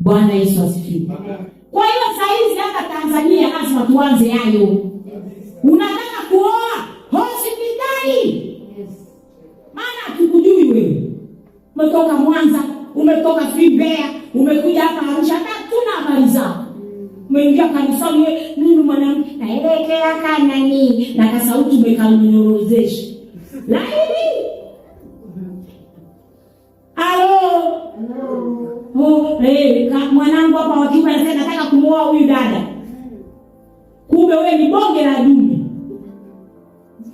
Bwana Yesu asifiwe. Kwa hiyo saizi hata Tanzania lazima tuanze hayo. Unataka kuoa hospitali, maana tukujui wewe, umetoka Mwanza, umetoka Mbeya, umekuja hapa Arusha, hatuna habari zako. Umeingia kanisani, mimi mwanamke naelekea nini na kasauti umekanyorozesha laini Eh, mwanangu hapa wa kiume anasema nataka kumuoa huyu dada, kumbe wewe ni bonge la dume,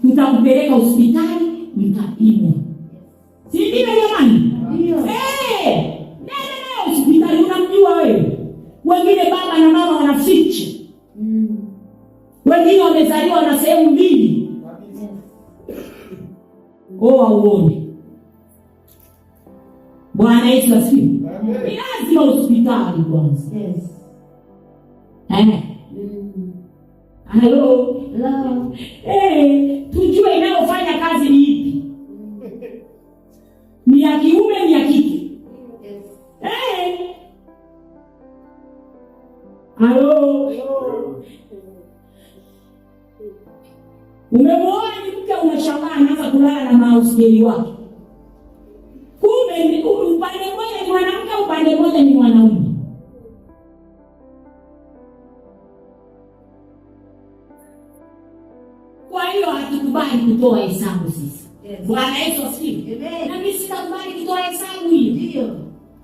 mtampeleka hospitali, mtapimwa, si ndio jamani? Hey, eh, dada hospitali, unamjua wewe. Wengine baba na mama wanafichi, wengine wamezaliwa na sehemu mbili, oa oh, uone Bwana Yesu asifiwe. Ni lazima hospitali kwanza. Yes. Eh. Mm. Hello. Hello. Eh, tujue inayofanya kazi ni ipi? Ni ya kiume, ni ya kike. Yes. Eh. Hello. Umemwona mke unashangaa anaanza kulala na mausgeli wake upande mmoja ni mwanamke, upande mmoja ni mwanaume. Kwa hiyo hatukubali kutoa hesabu sisi. Bwana Yesu asifiwe. Na mimi sitakubali kutoa hesabu hiyo. Ndio.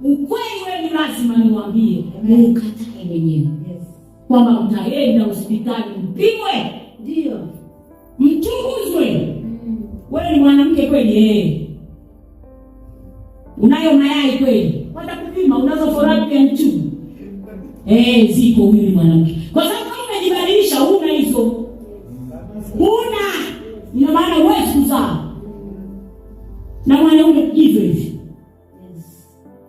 Ukweli wewe ni lazima niwaambie, ukatae mwenyewe kwamba mtaenda hospitali mpimwe, ndio mchunguzwe. Wewe ni mwanamke kweli eh? Unayo mayai kweli? kupima, unazo foramu ya mchujo. Eh, ziko huyu mwanamke. Kwa sababu kama umejibadilisha huna hizo. Huna. Ina maana huwezi kuzaa. Na mwanaume hivyo hivyo.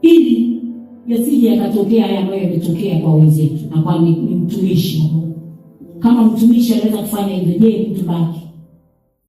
Ili yasije yakatokea haya ambayo yametokea kwa wenzetu na kwa mtumishi. Kama mtumishi anaweza kufanya hivyo, je, mtu baki?